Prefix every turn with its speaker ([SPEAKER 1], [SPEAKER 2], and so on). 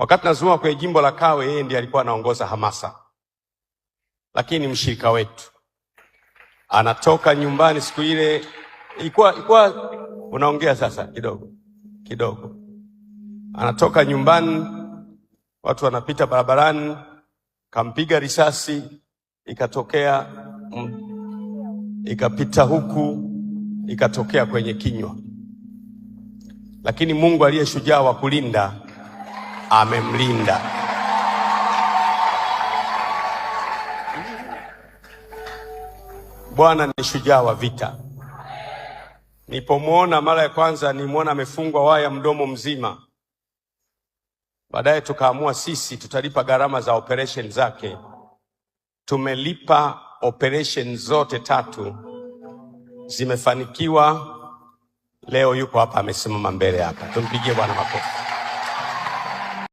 [SPEAKER 1] Wakati nazungumza kwenye jimbo la Kawe, yeye ndiye alikuwa anaongoza hamasa, lakini mshirika wetu anatoka nyumbani siku ile, ilikuwa ilikuwa unaongea sasa kidogo kidogo, anatoka nyumbani, watu wanapita barabarani, kampiga risasi, ikatokea ikapita huku, ikatokea kwenye kinywa, lakini Mungu aliye shujaa wa kulinda amemlinda. Bwana ni shujaa wa vita. nipomwona mara ya kwanza nimwona amefungwa waya mdomo mzima. Baadaye tukaamua sisi tutalipa gharama za operation zake. Tumelipa operation zote tatu, zimefanikiwa. Leo yuko hapa amesimama mbele hapa, tumpigie Bwana makofi.